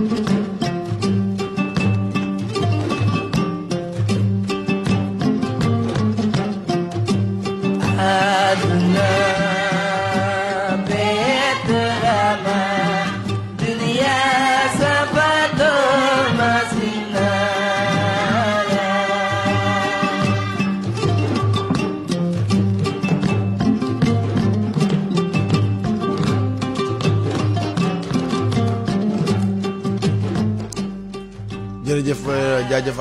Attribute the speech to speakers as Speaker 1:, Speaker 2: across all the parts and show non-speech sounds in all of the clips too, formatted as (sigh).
Speaker 1: Thank you.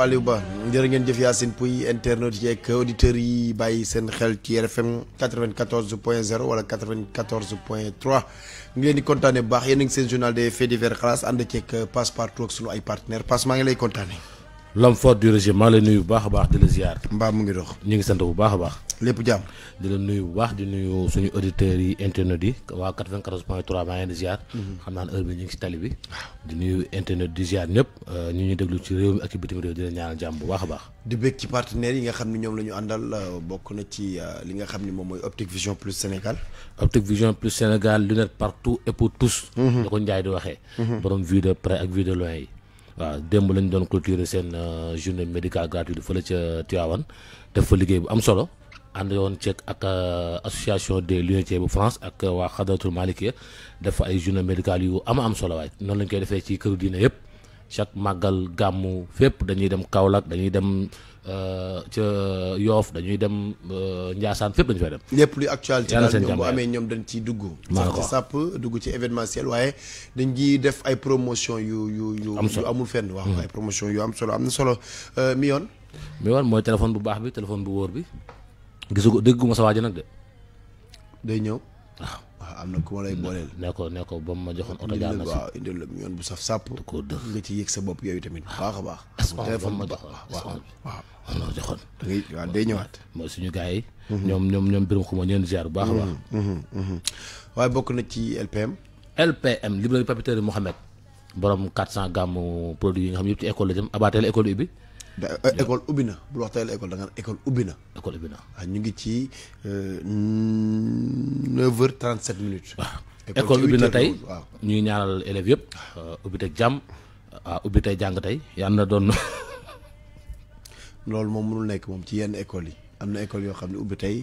Speaker 2: Aliou baax jërë ngeen jëf Yacine Pouy internautes yeeg auditeurs yi bàyyi seen xel ci RFM 94 point 0 wala 94 point 3 ngi leen di kontaane bu baax yéen a ngi seen journal des faits divers xalaas ànd ceeg passe partout ak sunu ay partenaires passe ngi lay kontaane
Speaker 3: l'homme fort du régime maa nuyu bu baax baax di la ziar. mbaa mu ngi dox. ñu ngi sant bu baax baax. lépp jàmm. di la nuyu bu baax di nuyu suñu auditeurs yi internet yi waa 94 point 3 maa ngi di ziar. Mhm. xam naa heure bi ñu ngi si tali bi. di nuyu internet di ziar ñëpp. Euh, ñu ñuy déglu ci réew mi ak bitim réew di la ñaanal jàmm bu baax baax.
Speaker 2: di bëgg ci partenaires yi nga xam ne ñoom la ñu àndal euh, bokk na ci euh, li nga xam ne moom mooy optique Vision Plus Sénégal. optique Vision Plus Sénégal lunette partout et pour tous. da mhm. ko Ndiaye di waxee. Mhm. borom vue
Speaker 3: de près ak vue de loin yi waaw démb lañ doon clôturer seen euh, journée médicale gratuite fële ca Tivaouane def fa liggéey bu am solo ànd yoon ceeg ak euh, association de lunetiers bu France ak euh, waa xadratul Malikia def ay journée médicale yu ama am solo waaye noonu lañ koy defee ci këru diina yëpp. chaque magal gamu fep dañuy dem Kaolack dañuy dem euh ci Yoof dañuy dem Njaasaan fep dañu fay dem. lepp li actualité daal ñoom bu amee
Speaker 2: ñoom dañ ci dugg. maa sap dugg ci événementiel waaye dañ gi def ay promotion yu yu yu. amul fenn wax hmm. ay promotion yu am solo am solo euh mi yon mi yoon
Speaker 3: moy téléphone bu baax bi téléphone bu wóor bi gisugo ko dégguma sa waji nak de. day
Speaker 2: ñew ah. am na ku ma lay booleel. ne ko ne ko ba mu ma joxoon oto jaar na waaw indil la yoon bu saf sàpp. ko dër nga ci bopp yooyu tamit. baax a baax. téléphone ma joxoon waaw waaw. ma joxoon. da ngay
Speaker 3: waaw day ñëwaat. mooy suñu gars yi. Mhm. ñoom ñoom ñoom birum xuma ñeen ziar bu baax a baax. Mhm, mhm, waaye bokk na ci LPM. LPM librairie papeterie Mohamed borom 400 gàmmu produit yi nga xam yëpp ci école la jëm abaatee la école bi.
Speaker 2: Euh, école ubbi na bul wax tayal école da nga école ubbi na. école ubbi na waaw ah, ñu ngi ci 9h37 euh, minutes. école ubbi na tey
Speaker 3: ñuy ñaanal élèves yëpp. Euh, ubbi teg jàmm ah ubbi tey jàng tey yal na doon.
Speaker 2: (laughs) loolu moom mënul nekk moom ci yenn école yi am na école yoo xam ne ubbi tey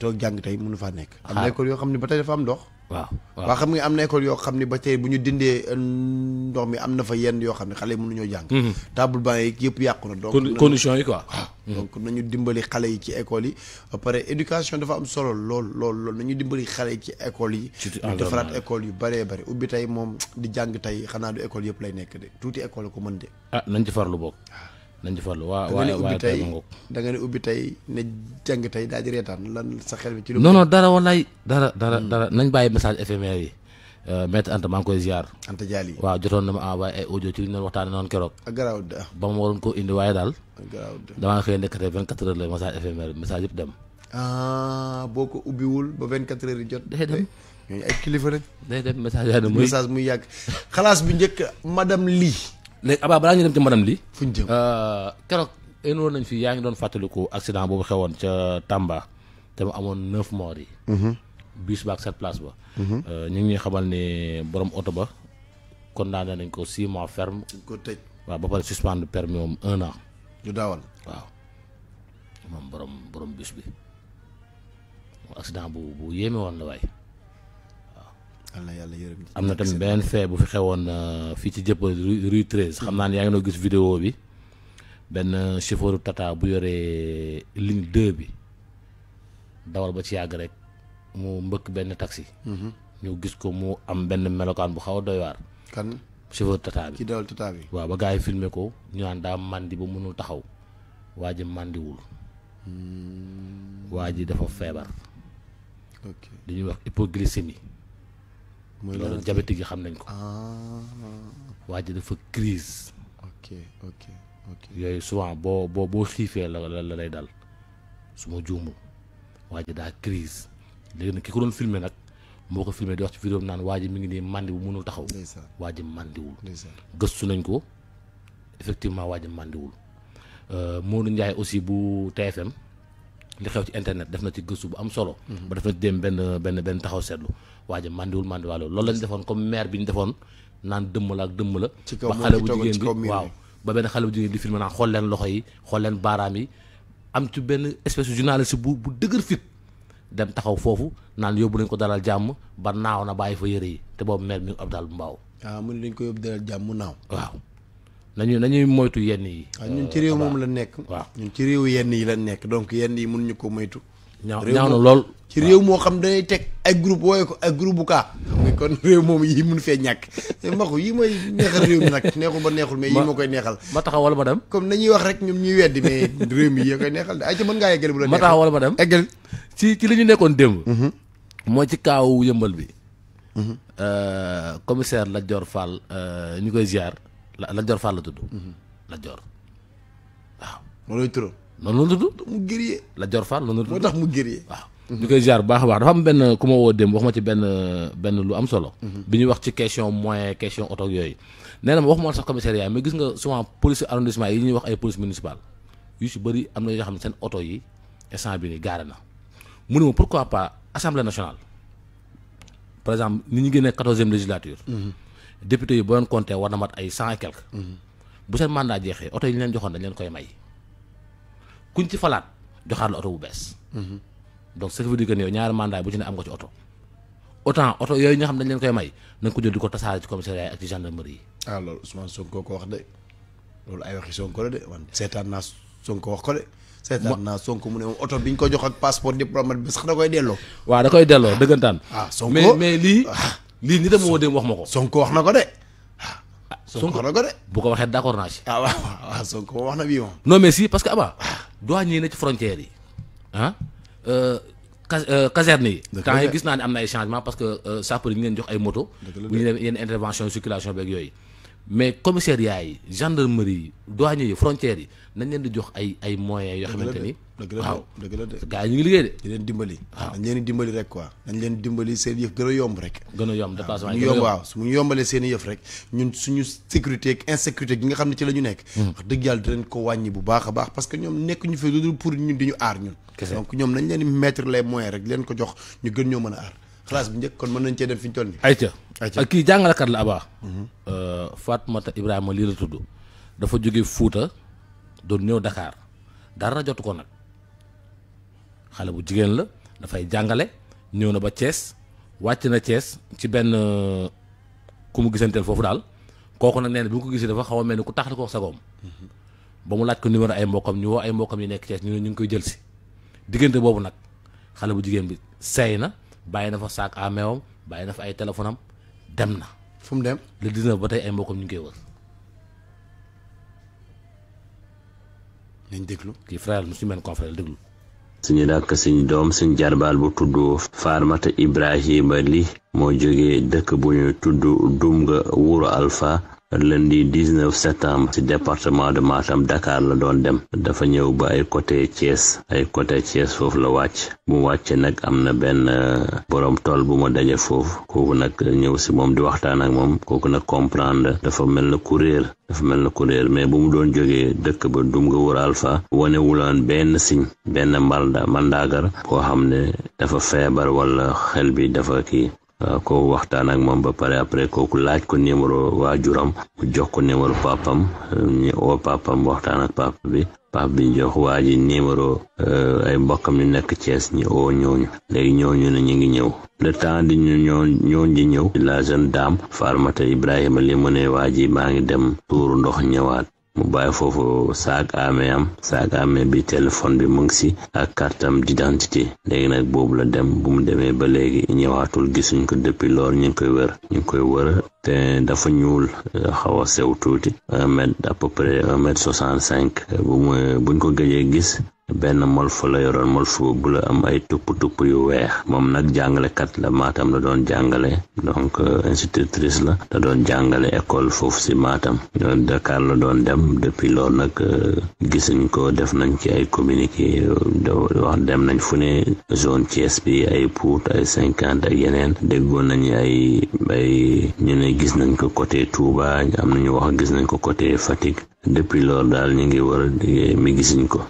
Speaker 2: toog jàng tey mënu faa nekk. am na école yoo xam ne ba tey dafa am ndox. waaw waaw xam nga am na école yoo xam ne ba tey bu ñu dindee euh, ndox mi am na fa yenn yoo xam ne xale yi mënuñoo jàng. Mhm. table banc yi yëpp yàqu na. donc condition yi quoi. donc nañu dimbali xale yi ci école yi ba pare éducation dafa am solo lool lool lool na ñu dimbali xale yi ci école yi. ñu defaraat école yu bëree bëri ubbi tey moom di jàng tey xanaa du école yëpp lay nekk de tuuti école ko mën de.
Speaker 3: ah nañ ci farlu bokk. nañ ci
Speaker 2: farlu waaw waaw waaw ubbi tey ne jàng tey daal di reetaan lan sa xel bi lu non non
Speaker 3: dara wallaay dara dara hmm. dara nañ bàyyi message éphémère yi euh, maître Anta maa ngi koy ziar Anta jotoon na ma envoyé ay audio ci li ñu doon waxtaane noonu keroog garaaw waaye daal garaaw da damaa xëy nekkate vingt quatre heures la message éphémère message yëpp dem
Speaker 2: ah, boo ko ubbiwul ba vingt quatre heures yi jot day dem ñooñu ay kilifa rek day dem message yaa ne muy message yàgg xalaas bu njëkk madame lii leg aba bala ñu dem ci madam li fu ñu jëm euh, keroog énoon nañ
Speaker 3: fi yaangi ngi doon fàttaliku accident boobu xewon ci Tamba té mu amoon 9 morts yi hmm bus ba ak sept place ba hmm ñu ngi ñuy xamal ni borom auto ba condamné nañ ko 6 mois ferme ko tej wa ba pare suspendre permis moom 1 an ñu dawal wa mom borom borom bus bi accident bu bu yéme won la way am na tamit beneen fee bu fi xewoon euh, fii ci jëpp rue treize xam naa ne yaa ngi noo gis vidéo bi benn chauffeur tata bu yore ligne deux bi dawal ba ci yàgg rek mu mbëkk benn taxi. Mhm. ñu gis ko mu am benn melokaan bu xaw a doy waar. kan chauffeur tata bi ci dawal waaw ba gars yi filmé ko ñu naan daa màndi ba mënul taxaw waa ji màndiwul hmm. waa ji dafa feebar. ok wax hypoglycémie. mooy loolu diabétique yi xam nañ ko.
Speaker 1: Ah.
Speaker 3: waa ji dafa crise ok ok yooyu souvent boo boo boo xiifee la la lay dal su ma juumul waa ji daa crise léegi nag ki ko doon filmer nag moo ko filmer di wax ci vidéo naan waa ji mi ngi nii màndi bu mënul taxaw. waa ji màndiwul. gëstu nañ ko effectivement waaj ji màndiwul. Euh, Modou Ndiaye aussi bu TFM. li xew ci internet def na ci gëstu bu am solo. Mhm. ba def na ci dem benn benn benn taxaw seetlu waa ji mandiwul mandiwaale loolu lañ defoon comme maire bi ñu defoon naan dëmm la ak dëmm la. ba xale bu jigéen bi waaw ba benn xale bu jigéen di filmé naan xool leen loxo yi xool leen baaraam yi am ci benn espèce de journaliste bu bu dëgër fit dem taxaw foofu naan yóbbu nañ ko dalal jàmm ba naaw na bàyyi fa yëre yi te boobu maire mi ab daal bu mbaaw.
Speaker 2: ah mu ne dañ ko yóbbu dalal jàmm mu naaw. waaw
Speaker 3: nañu nañuy moytu yenn yi. waaw ah, ñun ci réew moom
Speaker 2: la nekk. Ah, waaw ñun ci réew yenn yi la nekk donc yenn yi mun ñu ko moytu. ñaaw ñaaw na lool ci réew moo xam dañuy teg ay groupe wooye ko ay groupe bu kaa. kon (laughs) moom yii mun fee ñàkk (laughs) eh, mbaxu yii mooy neexal ba neexul mais yii moo koy neexal ma taxaw wala ma dem comme nañuy wax rek ñoom ñuy weddi mais (laughs) réew mi yee koy neexal de ay ca la neexal dem eggal ci ci li ñu nekkoon démb mhm.
Speaker 3: mooy ci kaaw yëmbal bi mhm. euh, commissaire Lat Dior Fall euh, ñu koy ziar la Lat Joor Fall la tudd. Mhm. la Joor waaw. loolooy turam. noonu la tudd. mu gërëyee. Lat Joor Fall noonu la tudd moo tax mu
Speaker 2: gërëyee. waaw ñu koy
Speaker 3: ziar baax a baax dafa am benn ku ma woo démb wax ma ci benn benn lu am solo. Mhm. bi ñuy wax ci question moyen question oto yooyu. nee wax ma waxuma sax commissariat mais gis nga souvent police arrondissement yi ñuy wax ay police municipale yu si bëri am na yoo xam ne seen oto yi instant bi nii gaare na mu ne ma pourquoi pas assemblée nationale par exemple ni ñu génnee quatorzième législature. Mhm. député yi boo leen compté war na mat ay cent quelque. bu seen mandat jeexee oto yi ñu leen joxoon dañ leen koy may kuñ ci falaat joxaat la oto bu bees. donc ce qui veut dire que yow ñaari mandat bu ci ne am nga ci oto. autant oto yooyu nga xam dañ leen koy may na ko jël ko tasaare ci commissariat ak ci gendarmerie yi.
Speaker 2: ah ko wax de loolu ay waxi Sonko la de man seetaan naa Sonko wax ko de. seetaan naa Sonko mu ne moom oto bi ñu ko jox ak passeport diplomate bi sax da koy delloo. waaw da koy delloo dëggantaan. ah Sonko lii. Ah. lii ni dama woo dem wax ma ko. Sonko wax na ko de. ah
Speaker 3: Sonko wax bu ko waxee d'accord naa ci.
Speaker 2: ah wax na bii moom.
Speaker 3: non mais parce que Aba. Ah. douane yi nag ci frontière yi ah. Euh, euh, caserne yi temps yi gis naa ne am na ay changement parce que euh, sapeur yi ñu jox ay moto bu ñu demee yenn intervention circulation beeg yooyu mais commissariat yi gendarmerie yi douane yi frontières yi nañ leen di jox ay ay
Speaker 2: moyens yoo xamante ni dëgg la waaw dëgg la de yi ñu liggéey de di leen dimbali waaw dañ leen di dimbali rek quoi dañ leen dimbali seen yëf gën a yomb rek gën a yomb dépassement ñu yomb yombalee seen yëf rek ñun suñu sécurité ak insécurité nga xam ne ci la ñu nekk hmm. wax dëgg yàlla dinañ ko wàññi bu baax a baax parce que ñoom nekk ñu fi lu dul pour ñun di ñu aar ñun donc ñoom nañ leen mettre les moyens rek leen ko jox ñu gën ñoo mën a aar classe bi njëkk kon mën nañ cee dem fi ñu toll nii ayca ayca ah, kii
Speaker 3: jàngalekat la Abba hmm. euh, Fatmata Ibrahima lii la tudd dafa jóge Fuuta doon néew dakaar dara jot ko nag xale bu jigéen la dafay jàngale ñëw na ba cees wàcc na cees ci benn ku mu gisanteel foofu daal kooku nag nee na bi mu ko gisee dafa xaw a mel ni ku taxal ko sagoom ba mu laaj ko numéro ay mbokkam ñu woo ay mbokkam yi nekk Thiès ñu ne ñu ngi koy jël diggante boobu nag xale bu jigéen bi sey na bàyyi na fa saak à meewam bàyyi na fa ay téléphone dem na. fu mu dem le 19 ba tey ay mbokkam ñu ngi koy wër. nañ déglu kii frère mu si mel confrère déglu.
Speaker 4: suñu rakk suñu doom suñ jarbaal bu tudd Farmata Ibrahima Ly moo jógee dëkk bu ñu tudd Dumga Wuro alfa lundi 19 septembre ci département de Matam Dakar la doon dem dafa ñëw ba ay côté Thiès ay côté Thiès foofu la wàcc mu wàcce nag am na benn euh, borom tool bu ma daje foofu kooku nag ñëw si moom di waxtaan ak moom kooku nag comprendre dafa mel na kuréel dafa mel na kuréel mais bu mu doon jógee dëkk ba dum nga wër alpha wane benn signe benn mbalda mandaagar boo xam ne dafa feebar walla xel bi dafa kii Ah, ko waxtaan ak moom ba pare après kooku laaj ko numéro waajuram mu jox ko numéro papam ñu oo papam waxtaan ak papa bi papa bi jox waa ji numéro eh, ay mbokkam yu nekk Thiès ñi oo ñooñu léegi ñooñu ne ñu ngi ñëw le temps di ñu ñoo ñooñ di ñëw la jeune dame Farmata Ibrahima li mu ne waa ji maa ngi dem tuuru ndox ñëwaat mu bàyyi foofu saak aame am saak aame bi téléphone bi mu ngi si ak kartam d'identité léegi nag boobu la dem bu mu demee ba léegi ñëwaatul gisuñ ko depuis lool ñu koy wër ñu ngi koy wër te dafa ñuul xaw a sew tuuti un mètre à peu un mètre soixante cinq bu mu buñ ko gëjee gis benn molfa la yoroon molfa bu la am ay tupp-tupp yu weex moom nag kat la maatam la doon jàngale donc euh, institutrice la la doon jàngale école foofu si maatam euh, Dakar la doon dem depuis loolu nag euh, gisuñ ko def nañ ci ay communiqué wax dem nañ fu ne zone Thiès bi ay Pout ay cinquante ak yeneen déggoon nañ ay ñu ne gis nañ ko côté Touba am nañu wax gis nañ ko côté Fatick depuis loolu daal ñu ngi war a mi gisuñ ko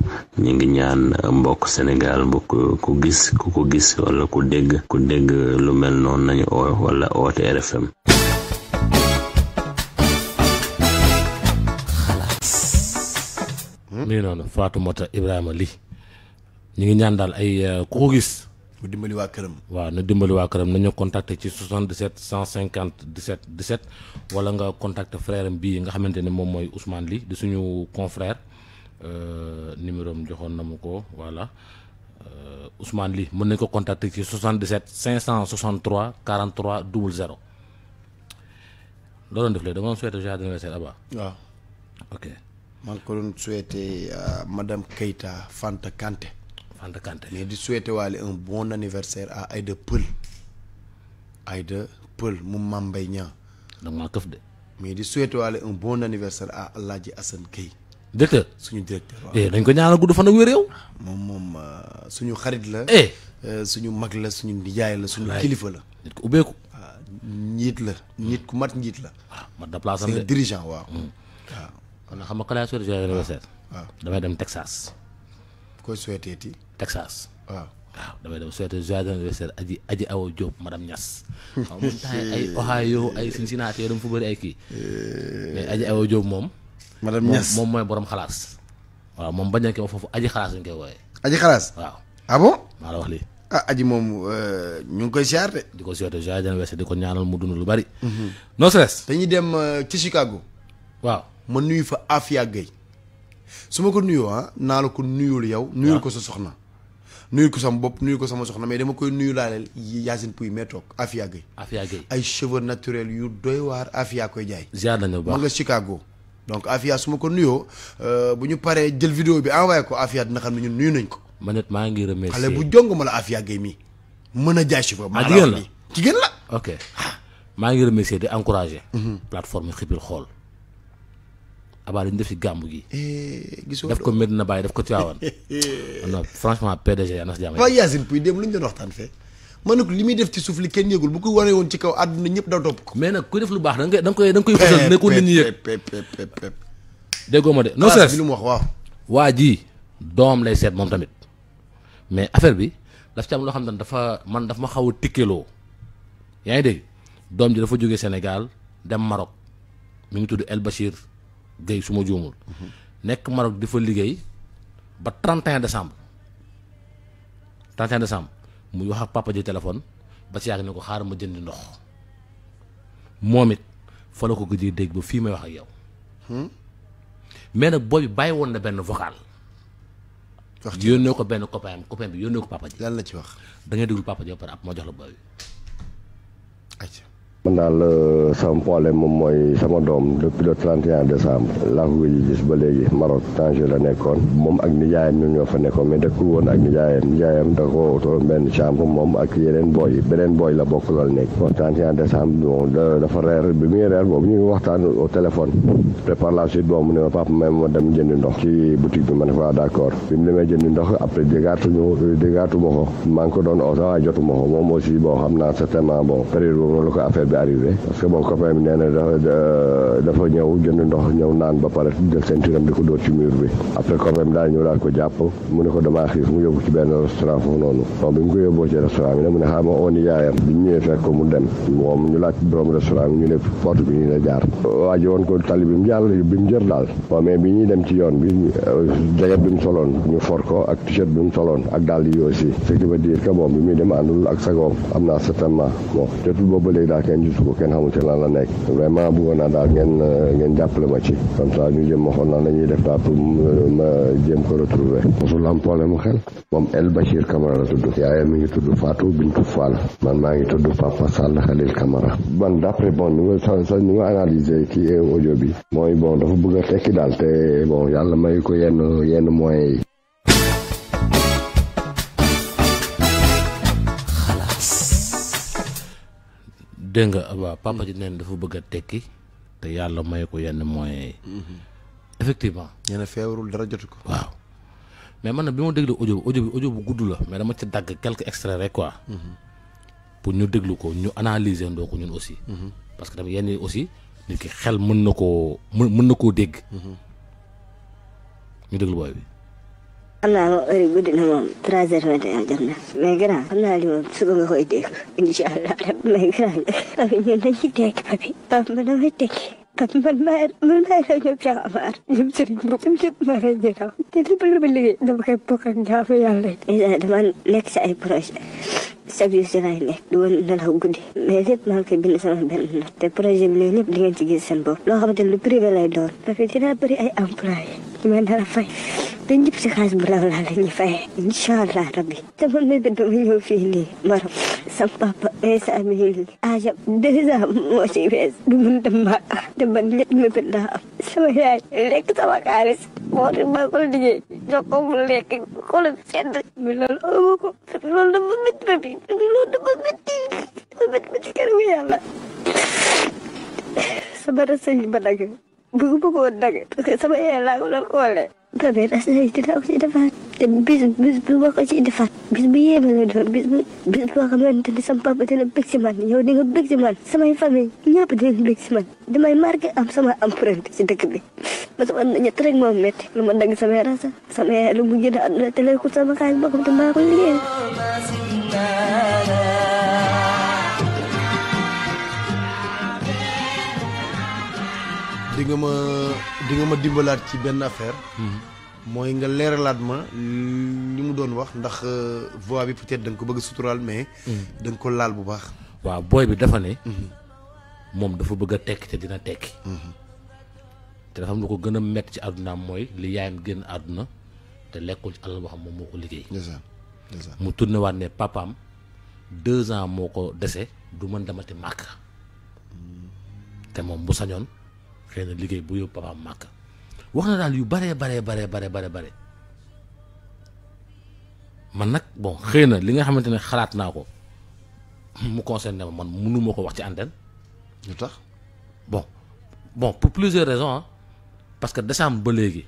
Speaker 4: ñu ngi ñaan mbokk senegaal bu ku gis ku ko gis wala ku dégg ku dégg lu mel noonu nañu oo wala oote RFM mi ngi
Speaker 3: noonu Fatoumata Ibrahima Ly ñu ngi ñaan daal ay ku ko gis
Speaker 2: mu dimbali wa këram.
Speaker 3: waaw na dimbali waa këram nañu contacter ci 77 150 17 17 wala nga contacter frère am bii nga xamante ne moom mooy Ousmane Ly di suñu confrère euh, numéro am joxoon na mu ko voilà euh, Ousmane Ly mën nañ ko contacter ci 77 563 43 00. loo doon def léegi da nga doon souhaité joyeux anniversaire Abba.
Speaker 2: waaw. ok. maa ngi ko doon souhaité madame Keita Fanta Kanté. Fanta Kanté mais di souhaité waale un bon anniversaire à Aïda Pël Aïda Pël mu Mame Mbaye Niang da këf de mais di souhaité waale un bon anniversaire à Alaaji Assane Gueye directeur suñu directeur waaw dañ eh, ko ñaanal gudd fan ak wér moom moom euh, suñu xarit la eh. euh, suñu mag la suñu nijaay la suñu kilifa la nit ku ah, njiit la nit ku mat njiit la waaw ah, mat da place de dirigeant waaw waaw mm.
Speaker 3: ah. kon na xam nga kalaa souhaité joyeux anniversaire waaw damay dem Texas
Speaker 2: koy souhaité ti
Speaker 3: Texas. waaw waaw damay dem souhaité joyeux anniversaire aji aji Awa Diop madame Niass. (laughs) waaw moom temps ay Ohio ay Cincinnati dama fa bëri ay kii. Eh. mais aji Awa Diop moom. madame Niass moom mooy borom xalaas. waaw moom bañ a foofu aji xalaas lañ koy wooyee. aji xalaas. waaw ah la ah, moom euh, ñu ngi koy
Speaker 2: siyaar di ko souhaité joyeux anniversaire di ko lu bari. Mhm. no stress. dem euh, ci ma nuyu fa Afia ma ko nuyoo ah naa nuyul yow. nuyul ko sa soxna. nuyu ko sama bop nuyu ko sama soxna mais dama koy nuyu laaleel Yacine Pouy mee toog Afia gay Afia gay ay cheveux naturels yu doy war Afia koy jay
Speaker 3: ziar nañu ba nga
Speaker 2: Chicago donc Afia suma ko nuyo euh buñu paré jël vidéo bi envoyé ko Afia dina xam ne ñun nuyu nañ ko manet ma ngi remercier xalé bu jong ma la Afia gay mi meuna jay jaay cheveux ma ah, la la
Speaker 3: ok ma ngi remercier di encourager mhm. plateforme xibir xol abaa ñu def si gàmmu gi. Eh, gisoo daf ko Medina Baye daf ko Tivaouane. (laughs) non franchement PDG Anas Diame. waaw
Speaker 2: Yacine li muy def ci suuf li kenn yëgul bu ko waree woon ci kaw àdduna ñëpp daw topp ko. mais lu baax da nga koy da nga koy fësal ma de non chef bi lu mu wax waaw. waa ji
Speaker 3: doom lay seet moom tamit mais affaire bi daf ci am loo xam ne dafa man dafa ma xaw a tikkeloo yaa ngi dégg doom ji dafa jógee Sénégal dem Maroc mi ngi tudd El Bachir Guèye suma jomul nek Maroc difa liggey ba 31 décembre 31 décembre mu wax papa di téléphone ba ci yag ne ko xaaral ma jënd ndox momit fa la ko gëdi dégg ba fi may wax ak yow. Hmm? mais nak booy bi bàyyi woon na ben vocal. wax di yónnee ko ben copain copain bi yónnee ko papa di lan la ci wax da ngay déglu papa di ba pare ab jox la booy
Speaker 5: bi. man daal euh, sama problème moom mooy sama doom depuis le 31 décembre la ko gis ba léegi Maroc Tanger la nekkoon moom ak nijaayam ñoom ñoo fa nekkoon mais dëkkul woon ak nijaayam nijaayam da ko tolloon benn chambre moom ak yeneen booy beneen booy la bokk lool nekk bon 31 décembre bon dafa reer bi muy reer boobu ñu waxtaan au téléphone te par la suite bon mu ne ma papa ma dem jëndi ndox ci boutique bi ma ne fa ah, d'accord bi mu demee jëndi ndox après dégaatuñu dégaatu ma ko maa ngi ko doon osa waaye jotu ma ko moom aussi bon xam naa certainement bon période boobu noonu ko affaire bi arrivé parce que bon copain bi nee na dafa dafa ñëw jënd ndox ñëw naan ba pare jël ceinturam di ko dóor ci mur bi après copain bi daal ñëw daal ko jàpp mu ne ko damaa xiif mu yóbbu ci benn restaurant foofu ko yóbboo ci restaurant bi nag mu oon yaayam bi ñu fekk ko mu dem moom ñu laaj borom restaurant bi ñu ne porte bi ñu la jaar waa ji woon ko tali bi mu jàll bi mu jër daal bon bi ñuy dem ci yoon bi jaget bi mu soloon ñu for ko ak t bi mu soloon ak daal yi aussi ce qui veut dire que bi muy dem àndul ak sagoom am naa certainement bon jotul boobu léegi daal kenn gisu ko kenn xamul ci lan la nekk vraiment bëggoon naa daal ngeen euh, ngeen jàppale ma ci comme ça ñu euh, ma xool naa la ñuy def daal pour ko retrouver mosul am problème mu xel moom El Bachir Camara la tudd yaayam mi ngi tudd Fatou Bintou Fall man maa ngi tudd Papa Sall Khalil Camara man d'après bon ni nga sa ni nga analyser kii euh, audio bi mooy bon dafa bëgg tekki daal te bon yàlla may ko yenn yenn moyens
Speaker 3: dégg nga waaw mm-hmm. papa ji neen dafa bëgg a tekki te yàlla may ko yenn moyens yi.
Speaker 1: Mm-hmm.
Speaker 2: effectivement. nee na feebarul dara jotu ko. waaw
Speaker 3: mais man na bi ma déglu ojo bi audio bi audio bu gudd la mais dama ci dagg quelques extraits rek quoi. Mm-hmm. pour ñu déglu ko ñu analyser ndoo ko ñun aussi. parce que tamit yenn yi aussi nit ki xel mën na koo mën mën na koo dégg. ñu déglu booy bi.
Speaker 1: الله يريد لهم ترازر ودي الجنة ما يقرأ الله اليوم سبب هو يديك إن شاء الله ما يقرأ أبي نجدك أبي بابا نمتك മൽമാർ മൽമാർ ഇതിൽ പിള്ളേ നമുക്ക് എപ്പോ കണ്ടാവുകയാണ് ഇതാണ് ലക്ഷായി പ്രാവശ്യം chaque jour si laay nekk du woon nelaw guddi mais lépp maa ngi koy bind sama benn note te projet bi léegi lépp di ngeen ci gis seen bopp loo xamante ne lu privé lay doon parce que dinaa bëri ay employé ñu ma dara fay te ñëpp si xaalis bu law laa la ñuy fayee incha allah rabbi sama mébét dama ñëw fii nii Maroc sama papa Insa mi ngi nii âge deux ans moo ci wees du mun dem ba te man ñett mébét laa am sama yaay lekk sama xaalis Mori bakul di Joko melek kulit cendek bilal oh kok sebelum dapat mit babi sebelum dapat mit dapat mit sekarang ya lah sabar saja lagi buku buku lagi terus sama ya lagu ulang oleh tapi rasanya tidak usah tidak بالبوا كشي دفع بالبية بلدو بالبوا بالبوا كمان تدي سامبا بدل بيك سمان يو دينغ بيك سماي فامي نيا بدل بيك سمان دماي مارك أم سما أم فرنت سيدك بي masuk anaknya tering mamet lu mandang sampai rasa sampai lu mungkin ada telekut sama kain bakum tembak kuliah eh.
Speaker 2: di nga ma di ma dimbalaat ci benn affaire hmm. mooy nga leeralaat ma li mu doon wax ndax euh, voix bi peut da nga ko bëgg suturaal mais. Mm. da ko laal bu baax.
Speaker 3: waaw booy bi dafa ne. Mm-hmm. moom dafa bëgg a tekki te dina tekki. Mm-hmm. te dafa am lu ko gën a métti ci àddunaam mooy li yaayam génn àdduna te lekkul ci alal boo xam moom moo ko liggéey. mu tourné waat ne papaam deux ans moo ko dese du mën damati màkk mm. te moom bu sañoon xëy na liggéey bu yóbbu papaam màkk. wax na yu bare bare bare bare bare bare
Speaker 1: man nag bon
Speaker 3: xëy na li nga xamante ne xalaat naa ko mu concerné ma man mënu ma ko wax ci antenne lu tax bon bon pour plusieurs raisons hein. parce que décembre ba léegi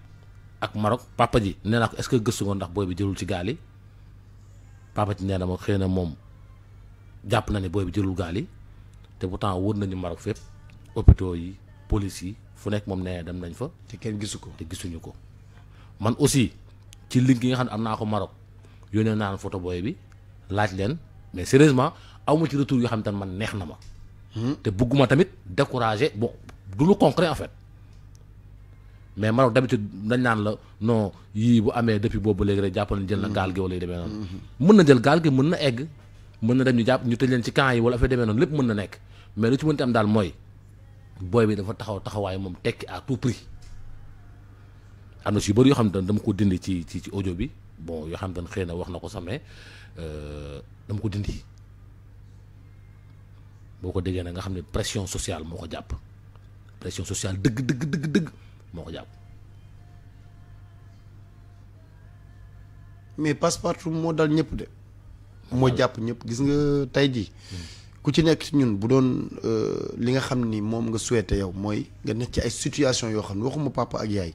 Speaker 3: ak Maroc papa ji nee naa ko est-ce que gëstu nga ndax booy bi jëlul ci gaal yi papa ji nee na ma xëy na moom jàpp na ne booy bi jëlul gaal yi te pourtant wër nañu Maroc fépp hôpitaux yi police yi fu nekk moom nee dem nañ fa. te kenn gisu ko te gisuñu ko. man aussi ci link yi nga xam ne am naa ko Maroc yónnee naa photo booy bi laaj leen mais sérieusement awma ci retour yoo xam ne man neex na ma. Hmm? te bugguma tamit décourager bon du lu concret en fait. mais naan la non yii bu amee depuis boobu léegi rek jàppal jël na hmm. gaal gi wala yu demee noonu. Hmm. mën na jël gaal gi mën na egg mën na dem ñu jàpp ñu tëj leen ci camp yi wala affaire demee noonu lépp mën na nekk mais lu ci mënti am daal mooy. booy bi dafa taxaw taxawaay moom tekki à tout prix am na si yu bëri yoo xam ne dama ko dindi ci ci ci audio bi bon yoo xam ne xëy na wax na ko sax mais euh, dama ko dindi boo ko déggee nag nga xam ne pression sociale moo ko jàpp pression sociale dëgg
Speaker 2: dëgg dëgg dëgg moo ko jàpp. mais passe-partout moo dal ñëpp de. moo jàpp ñëpp gis nga tey jii. Hmm. ku ci nekk ci ñun bu doon euh, li nga xam ni moom nga souhaité yow mooy nga nekk ci ay situation yoo xam ne waxuma papa ak yaay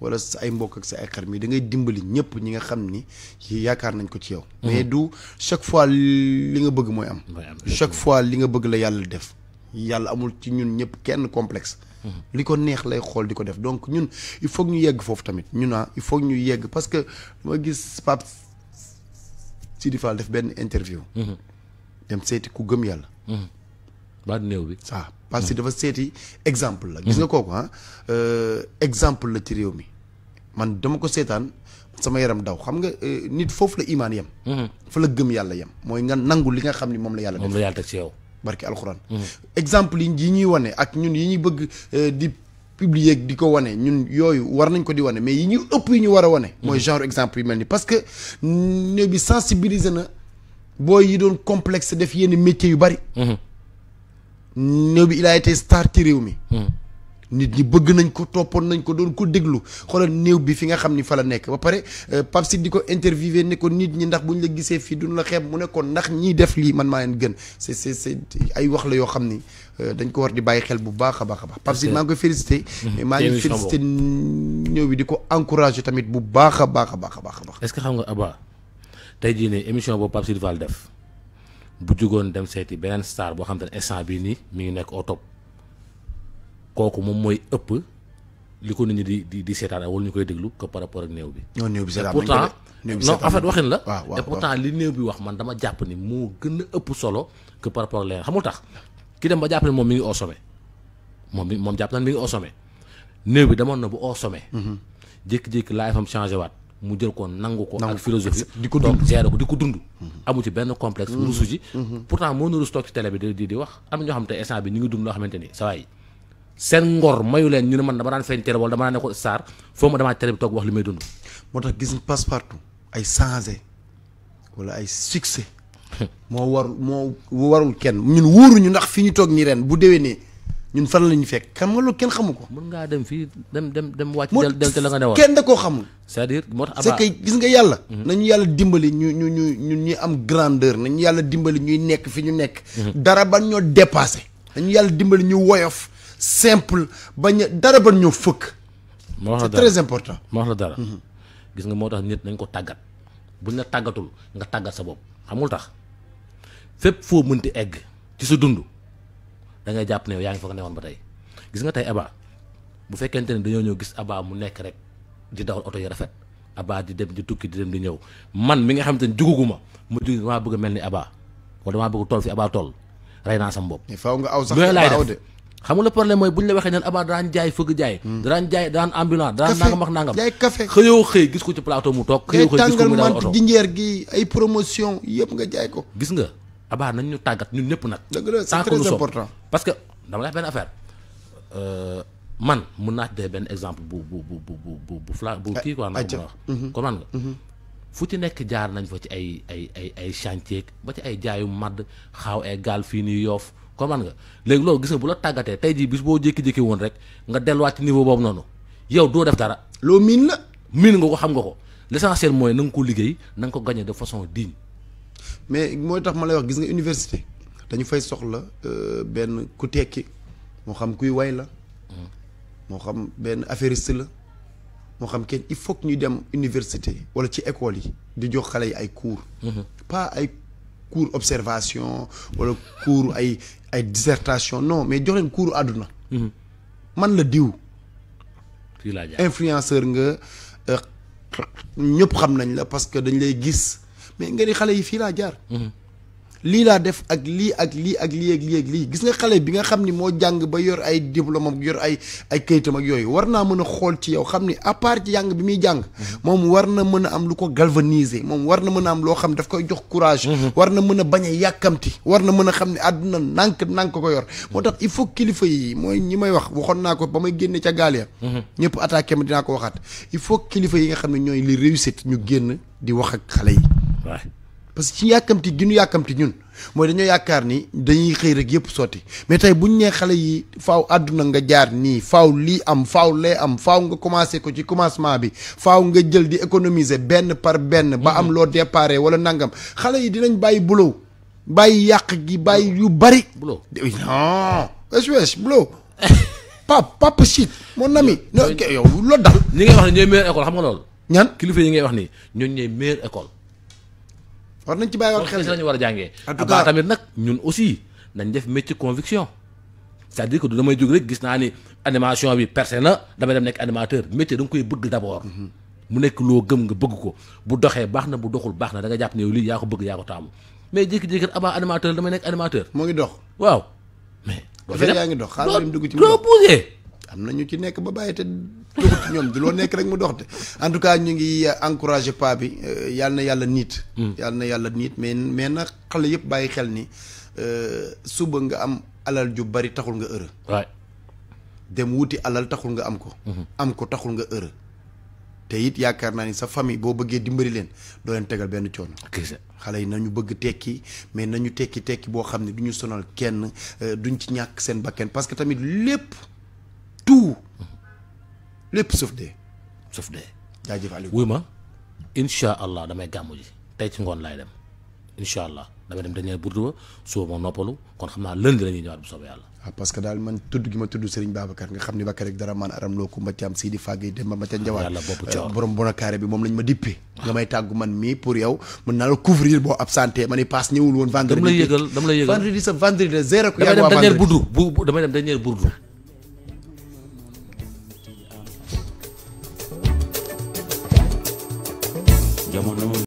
Speaker 2: wala sa ay mbokk ak sa ay xar mi da ngay dimbali ñëpp ñi nga xam ni yaakaar nañ ko ci yow. Mm-hmm. mais du chaque fois li nga bëgg mooy am. chaque fois li nga bëgg la yàlla def. yàlla amul ci ñun ñëpp kenn complexe. Mm-hmm. li ko neex lay xool di ko def donc ñun il faut ñu yegg foofu tamit ñu naa ah, il faut ñu yegg parce que ma gis Pape Sidi Fall def benn interview. Mm-hmm. dem seeti ku gëm yàlla. Hmm. ba néew bi. waaw parce que hmm. dafa seeti exemple la. gis nga hmm. kooku ah euh, exemple la ci réew mi man dama ko seetaan sama yaram daw xam nga euh, nit foofu la imaan yem. fa la gëm yàlla yem mooy nga nangu li nga xam ni moom la yàlla. def moom la yàlla teg ci yi ñuy ëpp yi ñu war a wane. mooy genre exemple yu mel nii parce néew bi sensibiliser na. booy yi doon complexe def yenn métiers yu bari. néew bi il a été star réew mi. Hmm. nit ñi bëgg nañ ko toppoon nañ ko doon ko déglu xoolal néew bi fi nga xam ni fa la nekk ba pare euh, Pape Sidi di ko interviewé ne ko nit ñi ndax buñ la gisee fii duñ la xeeb mu ne ko ndax ñiy def lii man maa leen gën c'est ay wax la yoo xam ni euh, dañ ko war di bàyyi xel bu baax a baax a baax. Pape Sidi maa ngi koy félicité. Hmm. maa ngi félicité néew bi di ko encouragé tamit bu baax a baax a baax a baax.
Speaker 3: est-ce xam nga Abba. tey jii ne émission boobu Pape Sidy Fall def bu jugoon dem seeti beneen star boo xam te ne instant bii nii mi ngi nekk au top kooku moom mooy ëpp li ko nit ñi di di di seetaan wala ñu koy déglu que par rapport ak néew bi. non néew bi seetaan pourtant non en fait waxin la. waaw et pourtant li néew bi wax man dama jàpp ni moo gën a ëpp solo que par rapport ak leneen xamul tax ki dem ba jàpp ne moom mi ngi au sommet moom mi moom jàpp na mi ngi au néew bi demoon na bu au sommet. Mm-hmm. jékki-jékki laa fam changé waat. mu jël ko nangu ko ak philosophie di ko dund gérer ko di ko dund mhm. amu ci benn complexe rusu ji mhm. mhm. pourtant moo nuru toog ci télé bi di di wax am na xam te instant bi ñu ngi dund loo xamante ni sa waay seen ngor mayu leen ñu ne man dama daan feeñ télé wala dama daan ne ko star foo ma damaa télé bi toog wax li may dund
Speaker 2: moo tax gis passe partout ay changé wala ay succès moo war moo warul kenn ñun wóoruñu ndax fi ñu toog nii ren bu déwénee ñun fan la ñu fekk xam nga loolu kenn xamu ko.
Speaker 3: mën ngaa dem fii dem dem dem wàcc. del del te la nga newoon kenn da
Speaker 2: koo xamul. cest
Speaker 3: à moo tax c'est gis nga yàlla. Mhm. nañu
Speaker 2: yàlla dimbali ñu ñu ñu ñu ñuy am grandeur nañu yàlla dimbali ñuy nekk fi ñu nekk. Mhm. dara ban ñoo dépassé. nañu yàlla dimbali ñu woyof simple bañ dara ban ñoo fëkk.
Speaker 3: moo c'est très la dara. Mhm. gis nga moo tax nit nañ ko tàggat bu la tàggatul nga tàggat sa bopp xamul tax fépp foo mënti egg ci sa dund. da ngay jàpp ne yow yaa ngi fa nga newoon ba tey gis nga tey Aba bu fekkente ne dañoo ñëw gis Aba mu nekk rek di dawal oto yi rafet Aba di dem di tukki di dem di ñëw man mi nga xam te ne juguguma mu jug damaa bëgg mel ni Aba wala damaa bëgg toll fi abaa tool rey naa sam bopp. faaw nga aw sax laay def xam nga le problème mooy bu ñu la waxee neen Aba daan jaay fëgg jaay. Hmm. daan jaay daan ambulance daan nangam ak nangam. jaay café xëyoo xëy gis ko ci plateau mu toog. xëyoo xëy gis ko mu dawal oto ngay gi promotion
Speaker 2: yëpp nga jaay ko. gis nga abaa tagat
Speaker 3: ñun c'est très important parce que dama lay ben affaire euh, man na dé exemple bu bu bu bu bu bu fla bu quoi. Mhm. comment nga. Mhm. fu ci jaar nañ fa ci ay ay ay chantier ba ci ay jaayu mad xaw ay comment nga légui lo bu la tagaté tay bis bo won rek niveau yow def dara. nga ko xam nga ko l'essentiel mooy na ko liggéey nang ko de façon digne
Speaker 2: mais moy tax ma lay wax gis nga université dañu fay soxla ben ku tekki mo xam kuy way la mo xam ben affairiste la mo xam ken il faut que ñu dem université wala ci école yi di jox xalé ay cours pas ay cours observation wala cours ay ay dissertation non mais jox len cours aduna man la diw influenceur nga euh, ñëpp xam nañ la parce que dañ lay gis mais nga xale yi fii laa jaar. lii laa def ak lii ak lii ak lii ak lii ak lii gis nga xale bi nga xam ni moo jàng ba yor ay diplôme ak yor ay ay kayitam ak yooyu war naa mën a xool ci yow xam ni à part yàng bi muy jàng. moom war na mën a am lu ko galvaniser moom war na mën a am loo xam daf koy jox courage. war na mën a bañ a yàkkamti war na mën a xam ne àdduna nànk nànk ko yor. moo tax il faut kilifa yi mooy ñi may wax waxoon naa ko ba may génne ca gaal ya. ñëpp attaqué ma dinaa ko waxaat il faut kilifa yi nga xam ne ñooy li réussite ñu génn di wax ak xale yi. waaw parce que ci yàkkamti gi yàkkamti ñun mooy dañoo yaakaar ni dañuy xëy rek yëpp sotti mais tey buñ nee xale yi faw àdduna nga jaar nii faw lii am faw lee am faw nga commencé ko ci commencement bi faw nga jël di économiser benn par benn ba am loo déparé wala nangam xale yi dinañ bàyyi bulow bàyyi yàq gi bàyyi yu bari bulow non wesh bulow pap pap shit
Speaker 3: mon ami yow loolu dal ñi ngay wax ne ñooy meilleure école xam nga loolu ñaan kilifa yi ngay wax nii ñooñ école war nañ ci bàyyiwaat xel la war a jàngee. en tout cas tamit nag ñun aussi nañ def métier conviction. cest dire que du damay jóg rek gis naa ni animation bi percé na damay dem nekk animateur métier da nga koy bëgg d'abord. Mhm. mu nekk loo gëm nga bëgg ko bu doxee baax na bu doxul baax na da nga jàpp ne yow lii yaa ko bëgg yaa ko taamu mais jékki-jékki avant animateur damay nekk animateur.
Speaker 2: moo ngi dox waaw. mais. boo yaa ngi dox xaaral dugg ci. loo poussé. am na ñu ci nekk ba bàyyi te. toog ci ñoom di loo nekk rek mu dox de en tout cas ñu ngi euh, encouragé pas bi euh, yàlla na yàlla niit. Hmm. yàlla na yàlla nit mais mais nag xale yëpp bàyyi xel ni euh, suba nga am alal ju bari taxul nga heureux. dem wuti alal taxul nga am ko. Hmm. am ko taxul nga heureux. te it yaakaar naa ni sa famille boo bëggee dimbali leen doo leen tegal benn coono. xale yi nañu bëgg tekki mais nañu tekki tekki boo xam ne du ñu sonal kenn duñ ci ñàkk seen bakken parce que tamit lépp tout. lépp sauf dee. sauf dee. jaajëf Aliou wuy ma incha
Speaker 3: allah damay gàmmu ji tey ci ngoon laay dem incha allah damay dem dañu ne burdu ba bu
Speaker 2: ah, tudd ma tudd Serigne Babacar nga xam ni Bakar rek dara man aram loo Kumba Thiam eh, moom lañ ma dippee nga may tàggu man mii pour yow mën naa ma ni paas ñëwul woon vendredi dama lay yëgal dama lay yëgal vendredi
Speaker 3: sa vendredi zéro damay dem dernier burdu